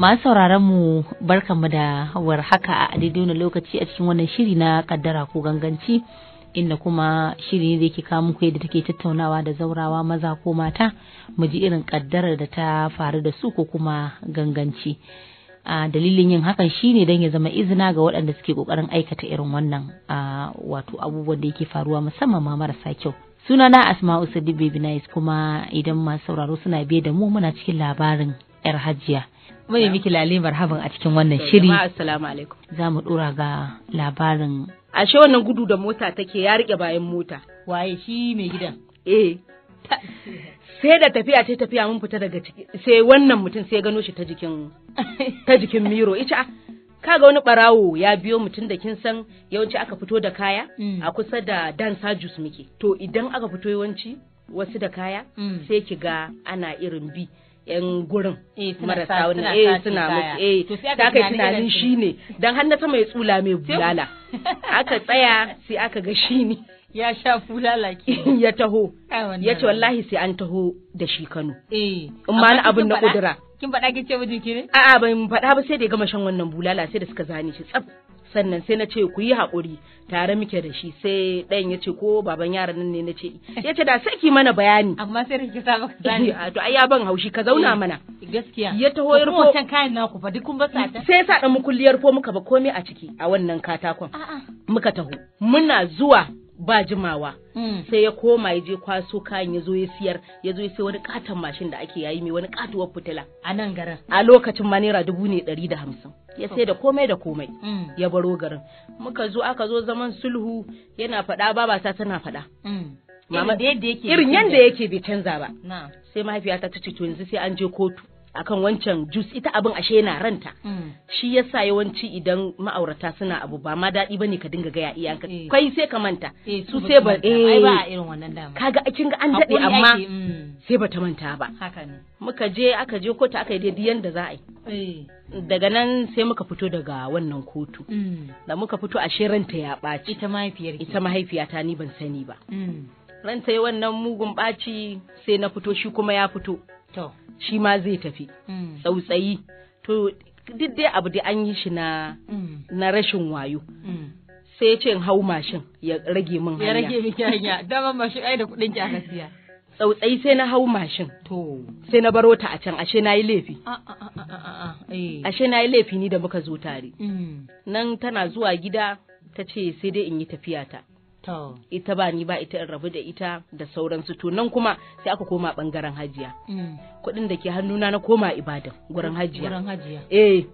masu sauraron mu barkanmu da war haka a daidai wani lokaci a cikin wannan shiri na kaddara ko ganganci inda kuma shiri ne da yake kawo muku yadda take tattaunawa da zaurawa maza ko mata mu ji irin kaddarar da ta faru da su ko kuma ganganci a dalilin yin hakan shine don ya zama izina ga waɗanda suke ƙoƙarin aikata irin wannan wato abubuwan da yake faruwa musamman ma marasa kyau sunana asma'u sadiq bibinais kuma idan masu sauraro suna biye da mu muna cikin labarin yar hajiya Mai miki lale marhaban a cikin wannan shiri. Assalamu alaikum. Za mu dora ga labarin. Ashe wannan gudu da mota take ya rike bayan mota. Waye shi mai gidan? Eh. Sai da tafiya ce tafiya mun fita daga ciki sai wannan mutum sai gano shi ta jikin ta jikin miro ita ah, kaga wani barawo ya biyo mutum da kin san yawanci aka fito da kaya mm. a kusa da dan sajus muke to idan aka fito yawanci wasu da kaya mm. sai ki ga ana irin bi yan gurin marasa wani eh suna eh, musu eh ta kai tunanin shine dan har na sama ya tsula mai bulala aka tsaya sai aka ga ne ya sha fulala ke ya taho ya ce wallahi sai an taho da shi Kano in eh, ma na abin na kudura kin faɗa kin ce ki ne a'a ban faɗa ba sai da ya gama shan wannan bulala sai da suka zane shi tsaf sannan sai na ce ku yi haƙuri tare muke da shi sai ɗayan ya ce ko baban yaran nan ne na ce ya ce da sai ki mana bayani amma sai da sa maka zani to ai ya ban haushi ka zauna eh, mana gaskiya ya taho ya rufo can kayan naku fa duk kun ba sata sai ya sa dan mukulliyar fo muka ba komai a ciki a wannan katakon muka taho muna zuwa ba jimawa mm. sai ya koma ya je kwaso kayan ya zo ya siyar ya zo ya sai wani katon mashin da ake yayi mai wani katuwar fitila a nan garin a lokacin ma naira dubu ne ɗari da hamsin ya sai da komai da komai mm. ya baro garin muka zo aka zo zaman sulhu yana faɗa babata tana faɗa mm. irin yadda yake bai canza ba sai mahaifiyata ta ce to yanzu sai an je kotu akan wancan jus ita abin ashe yana ranta mm. shi yasa yawanci idan ma'aurata suna abu ba ma daɗi bane ka dinga gaya iyanka eh. kai sai ka manta eh, su sai ba ai ba irin wannan dama kaga ga an daɗe amma mm. sai bata manta ba haka ne muka je aka je kotu aka yi daidai yanda za a yi eh. daga nan sai muka fito daga wannan kotu mm. da muka fito ashe ranta ya baci ita mahaifiyar ita mahaifiyata ni ban sani ba ranta yi wannan mugun baci sai na fito shi kuma ya fito shi ma zai tafi mm. tsautsayi to duk dai abu da an yi shi na mm. rashin wayo mm. sai ce hau mashin ya rage min hanya ya rage min hanya dama mashin ai da kudin ki aka siya tsautsayi sai na hau mashin. To. Sai na baro ta a can ashe na yi laifi. Ah, ah, ah, eh. Ashe na yi laifi ni da muka zo tare. Nan tana zuwa gida ta ce sai dai in yi tafiya ta. ita ba ni ba ita in rabu da ita da sauransu to nan kuma sai aka koma bangaren hajiya mm. kuɗin da ke hannuna na koma ibadan gurin hajiya eh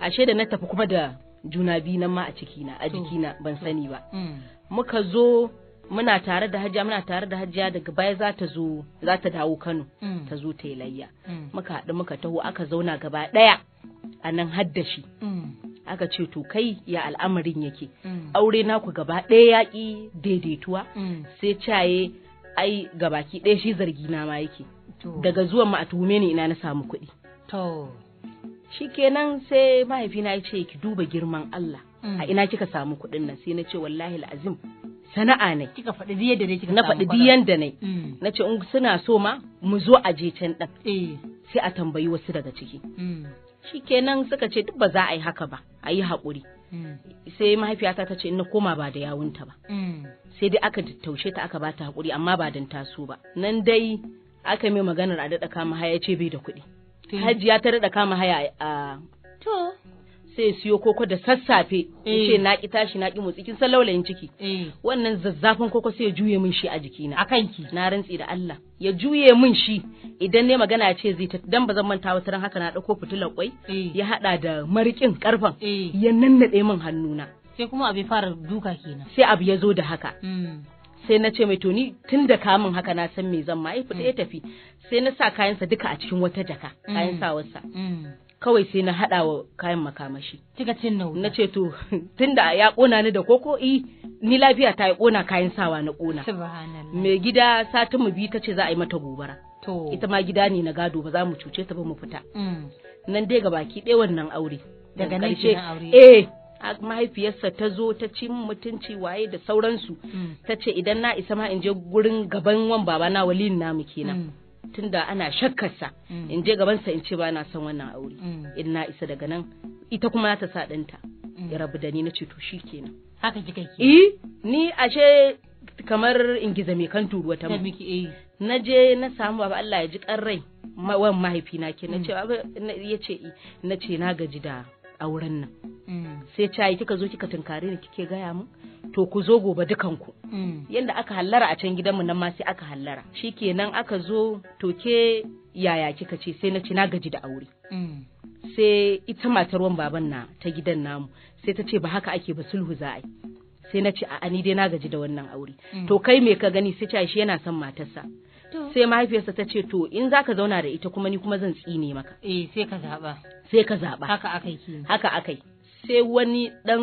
ashe da na tafi kuma da juna biyu nan ma a cikina a jikina ban sani ba mm. muka zo muna tare da hajiya muna tare da hajiya daga baya za ta zo za ta dawo Kano mm. ta zo ta yi layya muka haɗu muka taho aka zauna gaba ɗaya a nan haddashi aka ce to kai ya al'amarin yake mm. aure naku gaba ɗaya yaƙi daidaituwa mm. sai caye ai gabaki ɗaya shi zargi na ma yake daga zuwan ma a tuhume ni ina na samu kuɗi to shikenan sai mahaifina ya ce ki duba girman Allah mm. a ina kika samu kuɗin nan sai na ce wallahi azim sana'a ne kika faɗi biye da ne kika na faɗi diyan da ne na ce in suna so ma mu zo a je can ɗan eh. sai a tambayi wasu daga ciki shikenan suka ce duk ba za a yi haka ba a yi haƙuri mm. sai mahaifiyata ta ce na koma ba da yawunta ba mm. sai dai aka taushe ta aka bata haƙuri amma ba don taso ba nan dai aka mai maganar a daɗa kama haya ce bai da kuɗi hajiya ta daɗa kama haya a to sai siyo koko da sassafe ya ce eh. na ki tashi na ki motsi kin san laulayin ciki eh. wannan zazzafin koko sai ya juye min shi a jikina akan ki na rantsi da Allah ya juye min shi idan ne magana ce zai ta dan bazan manta wata ran haka na dauko fitilar kwai eh. ya hada da marikin karfan ya nannade min hannuna sai kuma abu fara duka kenan sai abu ya zo da haka hmm. sai na ce mai toni tun da kamun haka na san me zan ma ai fita ya hmm. tafi sai na sa kayansa duka a cikin wata jaka kayan hmm. sawarsa kawai sai na haɗa wa kayan makamashi. Kika cin na Na ce to tunda ya ƙona ni da koko i ni lafiya ta yi ƙona kayan sawa na ƙona. Subhanallah. Mai gida satin mu biyu ta ce za a yi mata gobara. To. Ita ma gida ne na gado ba za mu cuce ta ba mu fita. Mm. Nan dai ga baki ɗaya wannan aure. Daga nan ce aure. Eh. mahaifiyarsa ta zo ta ci mutunci waye da sauransu mm. ta ce idan na isa ma in je gurin gaban wan baba na walin namu kenan. Mm. tunda ana shakkarsa mm. in je gabansa in ce ba na son wannan aure mm. in na isa daga nan ita kuma ta sa danta mm. ya rabu da ni na ce to shi kenan haka kika ke eh, ni ashe kamar in giza me kan turuwa ta eh. na je na samu baba Allah ya ji karrai wan na ke na ce ya ce eh. na ce na gaji da auren nan sai ce kika zo kika tunkare ni kike gaya mun to ku zo gobe dukanku mm. yadda aka hallara a can gidanmu nan ma sai aka hallara shikenan aka zo to ke yaya kika ce sai na ci na gaji da aure mm. sai ita matar wan baban na ta gidan namu sai ta ce ba haka ake ba sulhu za a yi sai na ce a ni dai na gaji da wannan aure mm. to kai me ka gani sai shi yana son matarsa sai mahaifiyarsa ta ce to in za ka zauna da ita kuma ni kuma zan tsine maka eh sai ka zaba sai ka zaba haka akai haka akai sai wani ɗan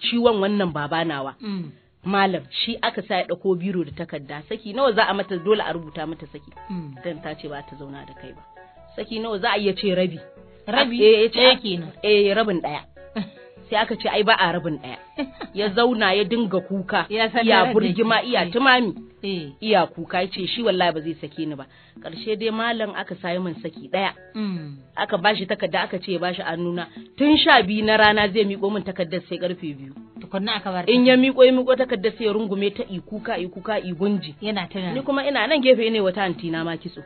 ciwon wannan baba nawa. Mm. Malam shi aka sa ya ɗauko biro da takarda saki nawa za a mata dole a rubuta mata saki. Mm. Dan ta ce ba ta zauna da kai ba. Saki nawa za a iya ce rabi. Rabi eh, ɗaya kenan. Eh rabin ɗaya. sai aka ce ai ba a rabin ɗaya ya zauna ya dinga kuka Ya burgima iya tumami eh. iya kuka ya ce shi wallahi ba zai sake ni ba karshe dai malam aka sayi min saki ɗaya mm. aka bashi takarda aka ce ya bashi nuna. tun sha biyu na rana zai miƙo min takardar sai karfe biyu tukunna aka bar in ya miƙo ya miƙo takardar sai ya rungume ta i kuka i kuka i gunji yana tunani ni kuma ina nan gefe ne wata na ma kitso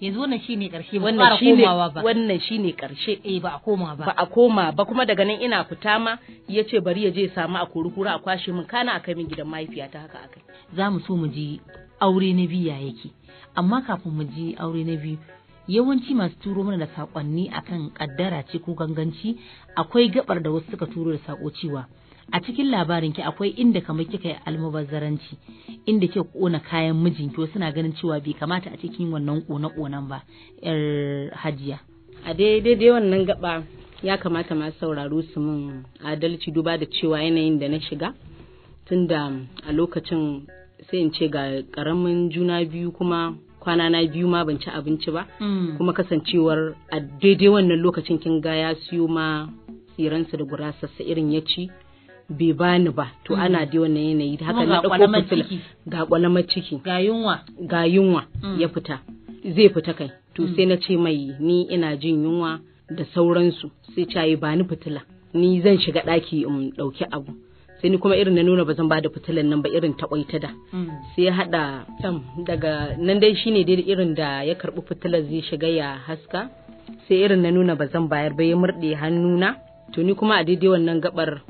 yanzu wannan shine karshe ba wannan shine wannan shine karshe eh ba a koma ba ba a koma ba kuma daga nan ina fita ma yace bari ya je ya samu a kurukura a kwashe min kana a min gidan ta haka akai za mu so mu ji aure na biya yake amma kafin mu ji aure na biyu yawanci masu turo mana da sakonni akan kaddara ce ko ganganci akwai gabar da wasu suka turo da sako cewa a cikin labarin ki akwai inda kamar kika yi almubazzaranci inda ke kona kayan mijinki wasu na ganin cewa bai kamata a cikin wannan kona konan ba yar hajiya a daidai dai wannan gaba ya kamata ma sauraro su min adalci duba da cewa yanayin da na shiga tunda a lokacin sai in ce ga karamin juna biyu kuma kwana na biyu ma ban ci abinci ba mm. kuma kasancewar a daidai wannan lokacin kin ga ya siyo ma tsiransa da sa irin ya ci bai bani ba to mm. ana dai wannan yanayi haka na dauko fitila ga kwalamar ciki ga yunwa ga yunwa mm. ya fita zai fita kai to mm. sai na ce mai ni ina jin yunwa da sauransu sai cayi ba ni fitila ni zan shiga daki in ɗauki abu sai ni kuma irin na nuna ba zan bada fitilan nan ba irin takwaita da sai ya hada daga nan dai shine dai irin da ya karbi fitilar zai shiga ya haska sai irin na nuna ba zan bayar ba ya murɗe hannuna to ni kuma a daidai wannan gabar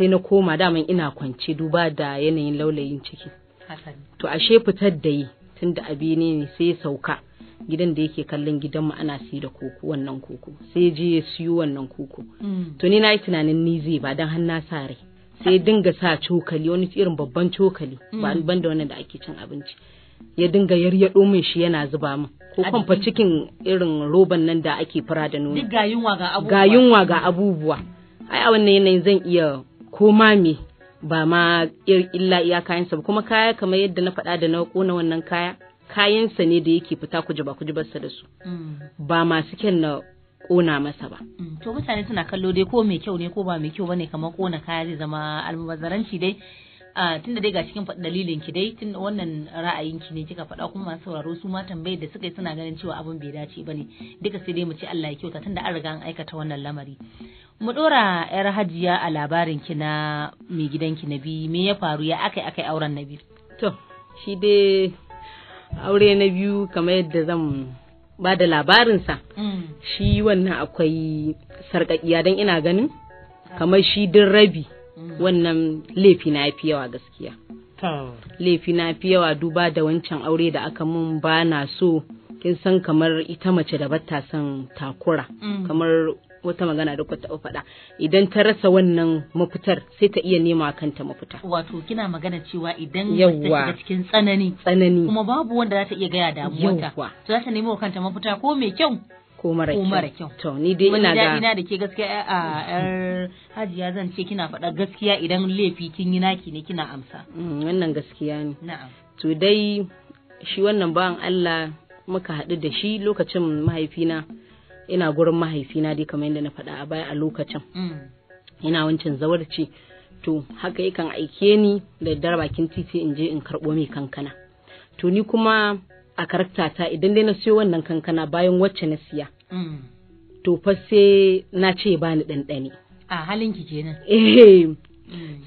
sai na koma daman ina kwance duba da yanayin laulayin ciki to ashe fitar da yi tun da abi ne sai sauka gidan da yake kallon gidan mu ana siyo da koko wannan koko sai je ya siyo wannan koko mm. to ni na yi tunanin ni zai ba dan har na sa rai sai dinga sa cokali wani irin babban cokali ba mm. ban da wannan da ake cin abinci ya dinga yaryaɗo min shi yana zuba min ko kwamfa cikin irin roban nan da ake fura da abubuwa. ga yunwa ga abubuwa ai a wannan yanayin zan iya ko ma me ba ma illa iya kayansa ba kuma kaya kamar yadda na faɗa da na kona wannan kaya kayansa ne da yake fita kuje ba kuje barsa da su mm. ba masu kyan na kona masa ba. Mm. To mutane suna kallo dai ko mai kyau ne ko ba mai kyau bane kamar kona kaya zai zama almubazzaranci dai Ah, tun da dai ga cikin dalilin ki dai tun wannan ra'ayin ki ne kika faɗa kuma masu sauraro su ma tambayar da suka yi suna ganin cewa abin bai dace ba ne duka sai dai mu ci Allah ya kyauta tun da an riga an aikata wannan lamari mu dora yar hajiya a labarin ki na mai ki nabi me ya faru ya akai akai auren nabi to shi dai aure na biyu kamar yadda zan ba da labarinsa mm. shi wannan akwai sarƙaƙiya don ina ganin kamar shi din rabi Mm. wannan laifi na fi yawa gaskiya laifi na fi yawa duba da wancan aure da aka mun ba na so kin san kamar ita mace da bata son takura mm. kamar wata magana da kwata faɗa idan ta rasa wannan mafitar sai ta iya nema kanta mafita wato kina magana cewa idan ta shiga cikin tsanani tsanani kuma babu wanda za ta iya gaya ta. to za ta nema kanta mafita ko mai kyau ko mara kyau. Ko mara kyau. To ni dai ina ga. Ina da ke gaskiya eh, a yar hajiya zan ce kina faɗa gaskiya idan laifi kin yi naki ne kina amsa. Mm, wannan gaskiya ne. Na'am. To dai shi wannan bawan Allah muka haɗu da shi lokacin mahaifina ina gurin mahaifina dai kamar yadda na faɗa a baya a lokacin. Mm. Ina wancan zawarci. To haka yakan aike ni da daddare bakin titi in je in karɓo mai kankana. To ni kuma a karakta ta idan dai na siyo wannan kankana bayan wacce na siya. Mm. To fa sai na ce ya bani ɗanɗani. A halin ki kenan. Eh. Mm.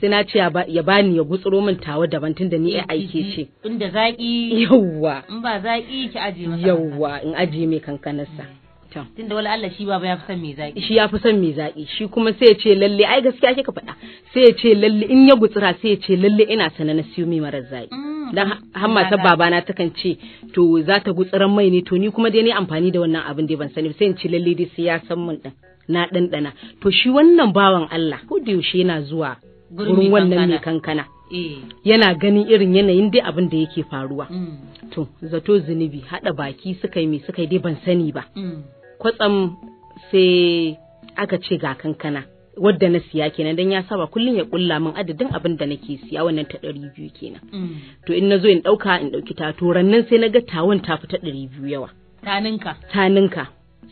Sai na ce ya bani ya gutsuro min tawa daban tun da ni ai aike ce. Inda zaƙi. Yawwa. In ba zaƙi ki aje masa. Yawwa in aje mai kankanarsa. Mm. can tunda wala Allah shi baba ya fi son mai zaki shi ya fi son mai zaki shi kuma sai ya ce lalle ai gaskiya kika faɗa sai ya ce lalle in ya gutsira sai ya ce lalle ina sana na siyo mai marar zaki mm, dan hamma ta babana takan ce to za ta gutsiran mai ne to ni kuma dai ni amfani da wannan abin dai ban sani sai in ci lalle dai sai ya san mun na ɗanɗana to shi wannan bawan Allah ko da yaushe yana zuwa gurin wannan mai kankana eh. yana ganin irin yanayin dai abin da yake faruwa. Mm. To, zato zunubi haɗa baki suka yi mai suka yi dai ban sani ba. Mm. kwatsam sai aka ce ga kankana wadda na siya kenan dan ya saba kullum ya kulla min adadin abin da nake siya wannan ta ɗari biyu kenan mm. to in nazo in ɗauka in ɗauki tato nan sai naga ga tawon ta fita ɗari biyu yawa taninka taninka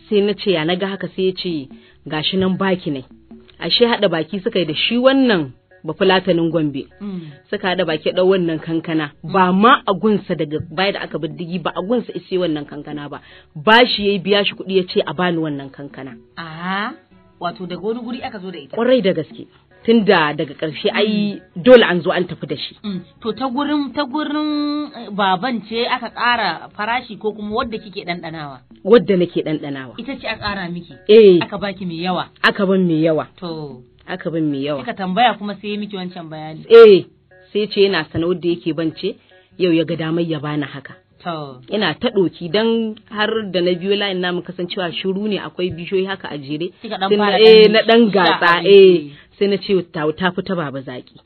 sai na ce ya naga haka sai ya ce gashi nan baki ne ashe haɗa baki suka yi da shi wannan bafulatanin gombe mm. suka da baki ɗau wannan kankana ba ma a gunsa daga baya da aka biddigi ba a gunsa ice wannan kankana ba ba shi yayi biya shi kuɗi ya ce a bani wannan kankana aha wato daga wani guri aka zo da ita kwarai da gaske tun da daga ƙarshe ai mm. dole an zo an tafi da shi. Mm. To ta gurin ta gurin eh, baban ce aka ƙara farashi ko kuma wadda kike ɗanɗanawa? Wadda nake ɗanɗanawa. Ita ce a ƙara miki? Eh. Aka baki mai yawa? Aka ban mai yawa. To. aka bin mai yawa kika tambaya kuma sai miki wancan bayani eh sai ce yana sanar da yake bance yau ya ga damar ya bani haka ina ta ɗoki don har da na biyo layin namu kasancewa shiru ne akwai bishiyoyi haka a jere eh, na ɗan gatsa eh sai na ce ta fita ba zaki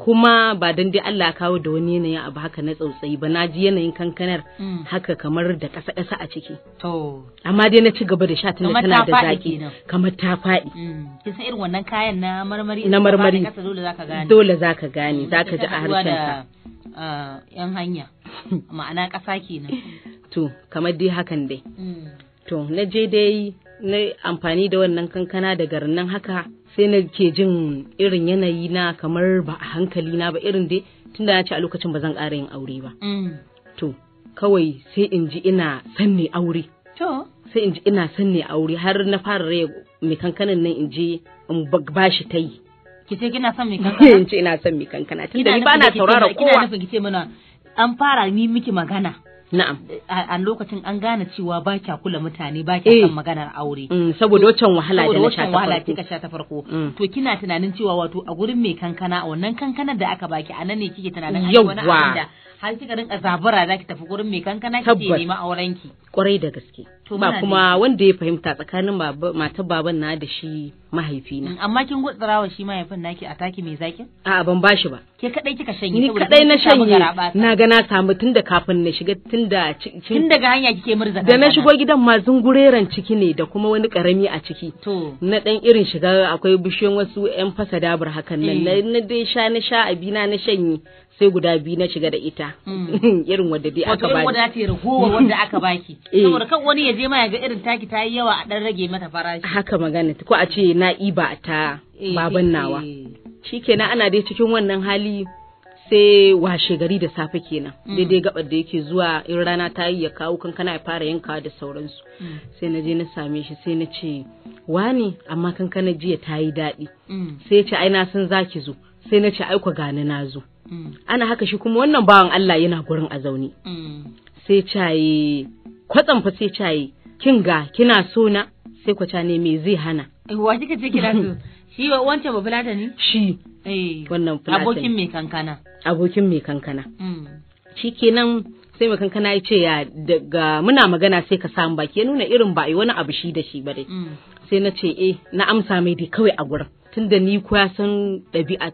kuma ba don dai Allah kawo da wani yanayin abu haka na tsautsayi ba na ji yanayin kankanar mm. haka kamar da ƙasa ƙasa a ciki to amma dai na ci gaba da sha tana tana da zaki kamar ta faɗi mm. kin san irin wannan kayan na marmari na marmari dole zaka gane dole zaka gane mm. zaka ji a harshen ka yan hanya ma'ana ƙasa kenan to kamar dai hakan dai to na je dai na amfani da wannan kankana da garin nan haka sai na ke jin irin yanayi na kamar ba a hankali na ba irin dai tunda ya ce a lokacin ba zan ƙara yin aure ba. Mm. To kawai sai in ji ina san ne aure. To. Sai in ji ina san ne aure har na fara raya mai kankanin nan in je in ba shi ta yi. Ki ce kina son mai kankana? In ce ina son mai kankana tunda ni ba na sauraron kowa. Kina nufin ki ce mana an fara ni miki magana. na'am a lokacin an gane cewa ba kya kula mutane ba kya eh. san maganar aure mm, saboda wancan wahala da na sha ta wahala kika sha ta farko mm. to kina tunanin cewa wato a gurin mai kankana a wannan kankanar da aka baki a nan ne kike tunanin ai wani abin da har kika rinka zabura zaki tafi gurin mai kankana ki nema auren ki kwarai da gaske ba kuma wanda ya fahimta tsakanin matar baban na da shi mahaifi na mm, amma kin gutsara wa shi mahaifin naki a taki mai zakin a'a ban bashi ba ke kadai kika shanye ni kadai na shanye na ga na samu tunda kafin na shiga tunda tun daga hanya kike murza da na shigo gidan ma zungureren ciki ne da kuma wani karami a ciki to na dan irin shiga akwai bishiyoyin wasu yan fasa dabur hakan nan eh. na dai sha na sha abina na shanye sai guda biyu na shiga da ita hmm. irin wadda dai aka bani wadda ta ragowa wanda aka baki eh. saboda kan wani ya je ma ya ga irin taki ta yi yawa a dan rage mata farashi haka magana ko a ce na iba ta eh, baban eh, nawa shikenan ana dai cikin wannan hali sai washe gari da safe kenan hmm. daidai gabar da yake zuwa in rana ta yi ya kawo kankana ya fara yanka da sauransu hmm. sai na je na same shi sai na ce wani amma kankana jiya ta yi daɗi sai ya ce ai na san zaki zo sai na ce aiko gani na zo mm. ana haka shi kuma wannan bawan Allah yana gurin a zaune mm. sai caye kwatsam fa sai caye kin ga kina so na sai kwacha ne me zai hana eh, wa kika ce kina so shi wancan ba fulata ne shi eh. wannan fulata abokin mai kankana abokin mai kankana mm. shikenan sai mai kankana ya ce ya daga muna magana sai ka samu baki ya nuna irin ba a yi wani abu shi da shi ba dai sai na ce eh na amsa mai dai kawai a gurin tun da ni kuwa san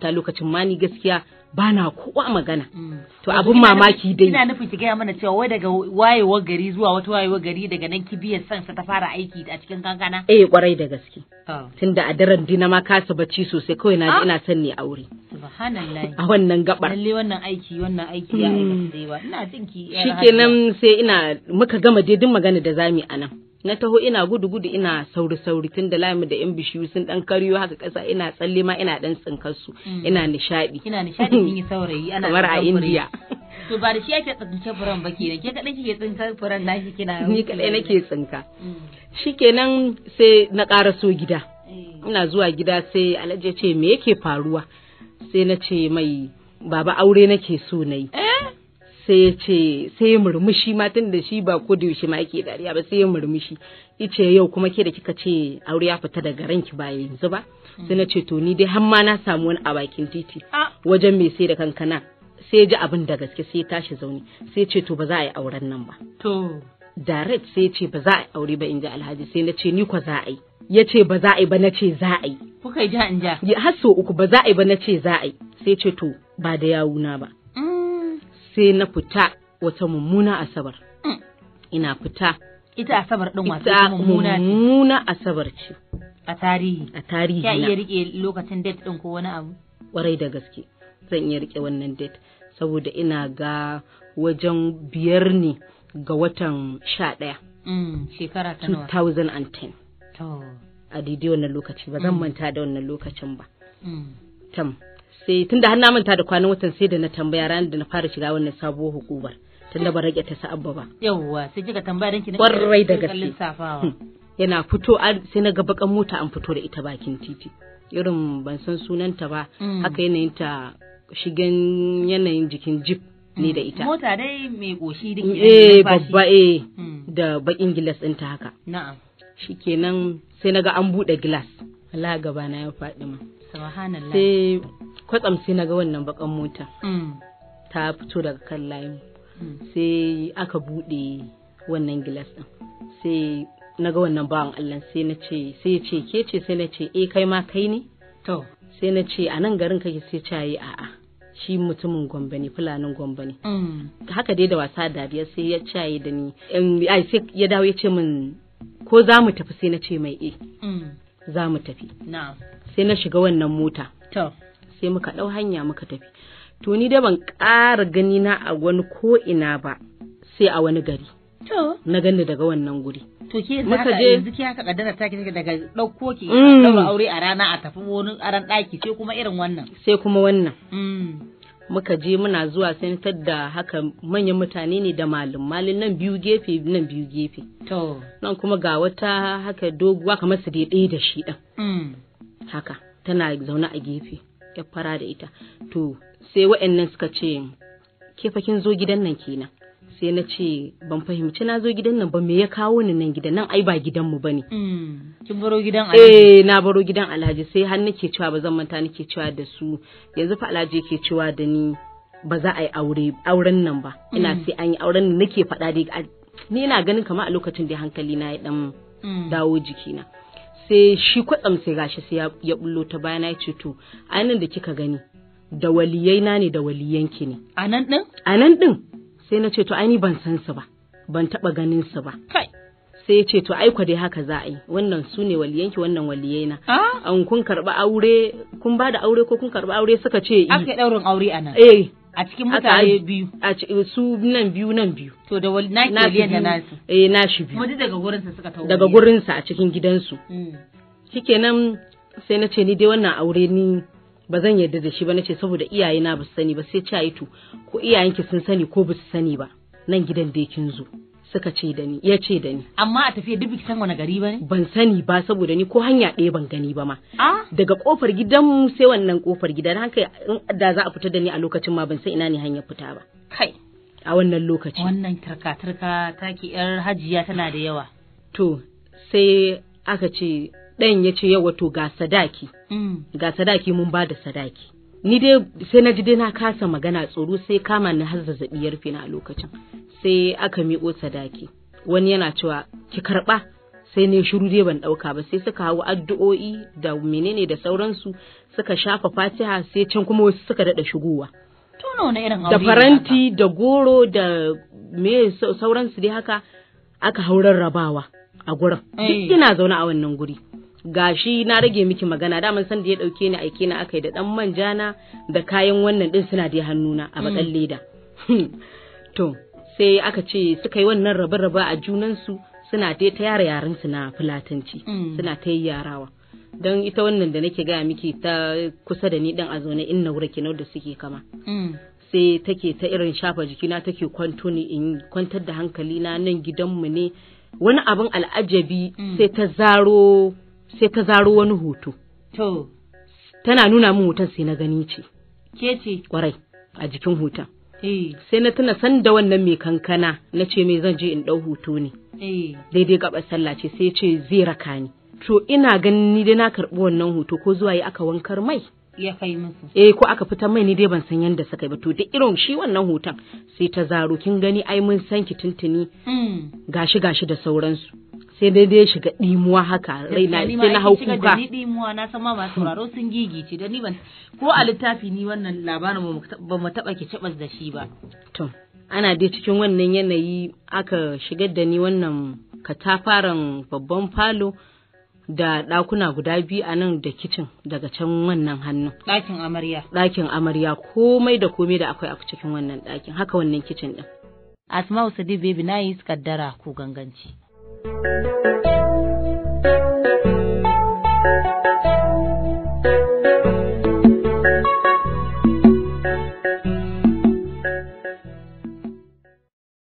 ta lokacin ma ni gaskiya ba na kowa magana. Mm. To abin mamaki dai. Ina nufin ki gaya mana cewa wai daga wayewar gari zuwa wata wayewar gari daga nan ki kibiyar sansa ta fara aiki a cikin kankana? Eh kwarai da gaske. Oh. Tun da a daren dina ma kasa bacci sosai kawai na ah! ina son ne aure. Subhanallah. A wannan gabar. Lalle wannan aiki wannan aiki ya hmm. aikata da yawa. Ina jin ki. Shikenan sai ina muka gama dai duk magana da zamu a nan. na taho ina gudu gudu ina sauri sauri tun da lamu da yan bishiyu sun dan karyo haka kasa ina tsalle ma ina dan tsinkar su mm. ina nishadi ina nishadi kin yi saurayi ana kamar a India to ba da shi yake tsince furan ba kenan ke kadai kike tsinkar furen nashi kina ni kadai nake tsinka mm. shikenan sai na ƙara so gida eh. ina zuwa gida sai alhaji ce me yake faruwa sai na ce mai baba aure nake so nayi sai ya ce sai ya murmushi matan da shi ba ko da yaushe ma yake dariya ba sai ya murmushi yace yau kuma ke da kika ce aure ya fita daga ranki ba yanzu ba sai na ce to ni dai har ma na samu wani a bakin titi wajen mai sai da kankana sai ya ji abin da gaske sai ya tashi zaune sai ya ce to ba za a yi auren nan ba to direct sai ya ce ba za a yi aure ba in ji alhaji sai na ce ni ko za a yi ya ce ba za a yi ba na ce za a yi kuka ja in ja har so uku ba za a yi ba na ce za a yi sai ce to ba da yawuna ba sai na fita wata mummuna asabar. Mm. Ina fita. Ita asabar ɗin wata mummuna mummuna asabar ce. A tarihi. A tarihi. Ya iya rike lokacin date ɗin ko wani abu? Kwarai da gaske. Zan iya rike wannan date saboda ina ga wajen biyar ne ga watan sha ɗaya. Mm, shekara ta nawa? 2010. A daidai wannan lokaci ba zan mm. manta da wannan lokacin ba. Tam. sai tunda da hannu manta da kwanan watan sai da na tambaya ranar da na fara shiga wannan sabuwar hukumar tunda ba rage ta sa'abba ba yawwa sai kika tambaya danki na kwarai da gaske hmm. yana fito sai na ga bakan mota an fito da ita bakin titi irin ban san sunanta ba hmm. haka yanayin ta shigen yanayin jikin jip ne da hmm. ita mota dai mai koshi dake eh babba eh da bakin gilas ɗinta haka na'am shikenan sai na ga an buɗe gilas Allah gaba na ya faɗi ma subhanallah sai kwatsam sai naga wannan bakan mota mm. ta fito daga kan layin mm. sai aka buɗe wannan gilas ɗin sai naga wannan bawan Allah sai na ce sai ya ce ke ce sai na ce eh kai ma kai ne to sai na ce a nan garin kake sai a a'a shi mutumin gombe ne fulanin gombe ne mm. haka dai da wasa dariya sai ya caye da ni ai sai ya dawo ya ce min ko za mu tafi sai na ce mai eh za mu tafi sai na shiga wannan mota sai muka ɗau hanya muka tafi to ni da ban ƙara gani na a wani ko ina ba sai a wani gari to na gani daga wannan guri to ke za ka yanzu ke haka kaddara ta ki daga ɗauko ki mm. ɗaura aure a rana a tafi wani aran ɗaki sai kuma irin wannan sai kuma wannan mm. muka je muna zuwa sanatar da haka manyan mutane ne da malum malin nan biyu gefe nan biyu gefe to nan kuma ga wata haka doguwa kamar su dai da shi ɗan mm. haka tana zaune a gefe ya fara da ita to sai wa'annan suka ce ke fakin zo gidan nan kenan sai na ce ban fahimci na zo gidan nan ba me ya kawo ni nan gidan nan ai ba gidan mu bane mm. kin baro gidan alhaji eh na baro gidan alhaji sai har nake cewa ba zan manta nake cewa da su yanzu fa alhaji ke cewa da ni ba za a yi auren nan ba ina mm. sai an yi auren nan nake faɗa dai ni ina ganin kamar a lokacin da hankali na ya dan mm. dawo jikina sai shi kwatsam sai gashi sai ya bullo ta bayana ya ce to anan da kika gani da waliyai na ne da waliyanki ne A nan din A nan din sai na ce to ai ni ban san su ba ban taba ganin su ba kai sai ya ce to aiko dai haka za a yi wannan su ne waliyanki wannan waliyai na ah? an kun karba aure kun ba da aure ko kun karba aure suka ce eh. aka daurin aure nan eh a cikin mutane biyu a su nan biyu nan biyu to da wani naki waliyan da nasu eh nashi biyu mu daga sa suka tawo daga sa a cikin gidansu hmm. shikenan sai na ce ni dai wannan aure ni ba zan yarda da shi ba nace saboda iyaye na ba su sani ba sai ce to ko iyayenki sun sani ko ba su sani ba nan gidan dai kin zo suka ce da ni ya ce da ni amma a tafiya duk san wani gari ba ne ban sani ba saboda ni ko hanya ɗaya ban gani ba ma daga kofar gidan mu sai wannan kofar gida na haka da za a fita da ni a lokacin ma ban san ina ne hanyar fita ba kai a wannan lokaci wannan tarka-tarka take yar hajiya tana da yawa to sai aka ce ɗan ya ce yawa to ga sadaki mm. ga sadaki mun ba da sadaki ni dai sai na ji dai na kasa magana tsoro sai kama ni har zazzabi ya rufe na a lokacin sai aka miƙo sadaki wani yana cewa ki karɓa sai ne shiru dai ban ɗauka ba sai suka hau addu'o'i da menene da sauransu suka shafa fatiha sai can kuma wasu suka daɗa shigowa da faranti da goro da me sauransu dai haka aka haurar rabawa a gurin duk eh. ina zaune a wannan guri gashi na rage miki magana daman san da ya dauke ni aike na akai da dan manja na da kayan wannan din suna da hannuna a bakan mm. leda to sai aka ce suka yi wannan raba raba a junansu suna dai ta yara yaran su na fulatanci mm. suna ta yarawa don ita wannan da nake gaya miki ta kusa da ni dan a zaune in naura kinau da suke kama mm. sai take ta irin shafa jikina take kwanto ni in kwantar da hankali na nan gidan mu ne wani abin al'ajabi sai ta zaro sai ta zaro wani hoto to tana nuna min hoton sai na gani ce ke ce kwarai a jikin hoton eh. sai na tuna sanda wannan mai kankana na ce mai zan je in ɗau hoto ne eh. daidai gaɓar sallah ce sai ce zai raka ni to ina ganin ni dai na karɓi wannan hoto ko zuwa yi aka wankar mai ya kai musu eh ko aka fitar mai ni dai ban san yadda suka ba to duk irin shi wannan hoton sai ta zaro kin gani ai mun san ki tuntuni mm. gashi gashi da sauransu sai dai dai shiga dimuwa haka na sai na hau kuka ni dimuwa na san ma ba sauraro sun gigice da ni ban ko a littafi ni wannan labarin ba mu taba ki cabas da shi ba to ana dai cikin wannan yanayi aka shigar da ni wannan katafaren babban falo da ɗakuna guda biyu a nan da kicin daga can wannan hannun. Ɗakin amarya. Ɗakin amarya komai da komai da akwai a cikin wannan ɗakin haka wannan kicin ɗin. Asma'u Sadiq Baby na yi kaddara ko ganganci. Thank you.